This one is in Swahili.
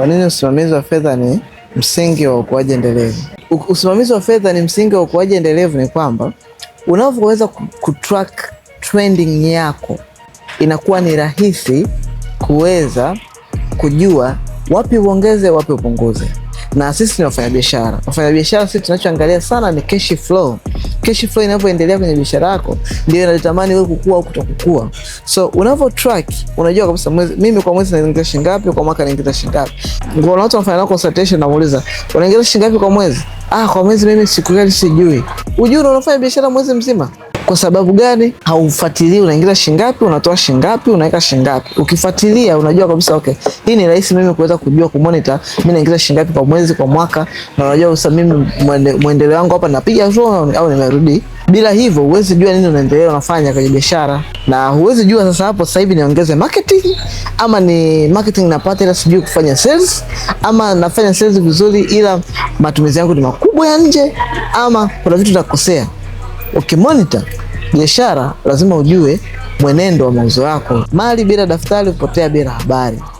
Kwa nini usimamizi wa fedha ni msingi wa ukuaji endelevu? Usimamizi wa fedha ni msingi wa ukuaji endelevu ni kwamba unavyoweza kutrack trending yako, inakuwa ni rahisi kuweza kujua wapi uongeze, wapi upunguze. Na sisi ni wafanyabiashara, wafanyabiashara sisi tunachoangalia sana ni cash flow cash flow inavyoendelea kwenye biashara yako ndio inatamani wewe kukua au kutokukua. So unavyo track unajua kabisa mwezi, mimi kwa mwezi naingiza shilingi ngapi, kwa mwaka naingiza shilingi ngapi. Kuna watu wanafanya consultation, namuuliza unaingiza shilingi ngapi kwa mwezi? Ah, kwa mwezi mimi siku gani sijui. Ujui unafanya biashara mwezi mzima. Kwa sababu gani? Haufuatilii unaingiza shingapi, unatoa shingapi, unaweka shingapi. Ukifuatilia unajua kabisa okay, hii ni rahisi mimi kuweza kujua kumonitor, mimi naingiza shingapi kwa mwezi, kwa mwaka, na unajua sasa mimi mwendeleo wangu hapa napiga slow au nimerudi bila hivyo huwezi jua nini unaendelea unafanya kwenye biashara, na huwezi jua sasa hapo sasa hivi niongeze marketing ama ni marketing napata ila sijui kufanya sales, ama nafanya sales vizuri ila matumizi yangu ni makubwa ya nje, ama kuna vitu nakosea. Ukimonitor okay, Biashara lazima ujue mwenendo wa mauzo yako. Mali bila daftari hupotea bila habari.